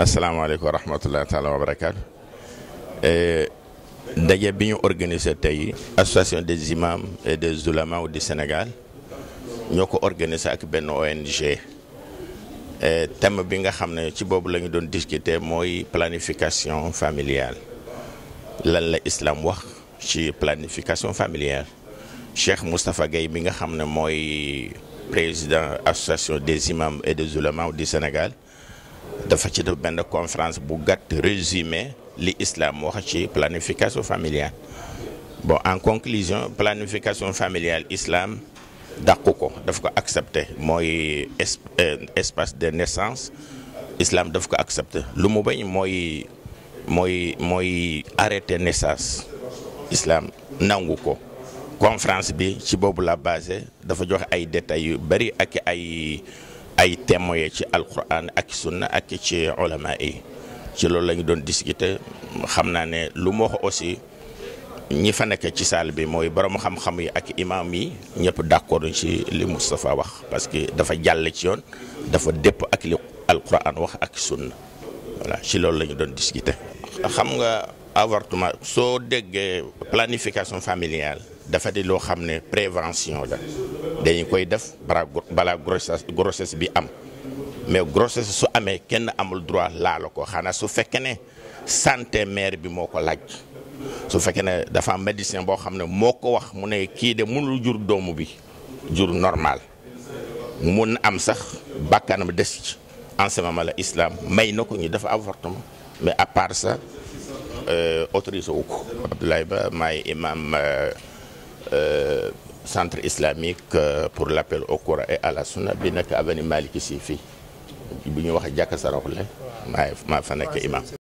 alaikum wa rahmatullahi wa barakaatu Nous avons organisé l'association association des imams et des ulémas au Sénégal Nous avons organisé avec une ONG thème bi nga xam ne ci la discuter de planification familiale lan la islam wax planification familiale Cheikh Moustapha Gaye bi nga président de président association des imams et des ulémas au Sénégal il ci def conférence pour résumer l'islam la planification familiale bon en conclusion la planification familiale islam d'accord ko accepter L'espace accepté euh, espace de naissance islam doit accepter accepté lu est moi mooy naissance islam l'islam. La conférence bi ci la base dafa joxe ay détails bari ay témoins ci alquran ak sunna ak ci ulama yi ci loolu lañu doon discuter xam naa ne lu mu wax aussi ñi fa nekk ci salle bi mooy borom xam-xam yi ak imam yi ñëpp d'accord ci li Moustapha wax parce que dafa jàll ci yoon dafa dépp ak li alquran wax ak sunna voilà ci loolu la ñu doon discuter. xam nga avortement soo déggee planification familiale. dafa di lo xamné prévention la dañ koy def bala grossesse grossesse bi am mais grossesse su amé kenn amul droit la ko xana su fekkee ne santé mère bi moko laaj su fekkee ne dafa am médecin bo xamné moko wax mu né ki de mënul jur doomu bi jur normal mun am sax bakkanam dess ci en la islam may nako ko ñu def avortement mais à part ça euh, autorisé wu ko Abdoulaye Ba may imam euh, Euh, centre islamique euh, pour l'appel au Coran et à la sunna bi nekk avenue Malick Sy fii bu ñu wax jàkka Saraxule maa maa fa nekk imam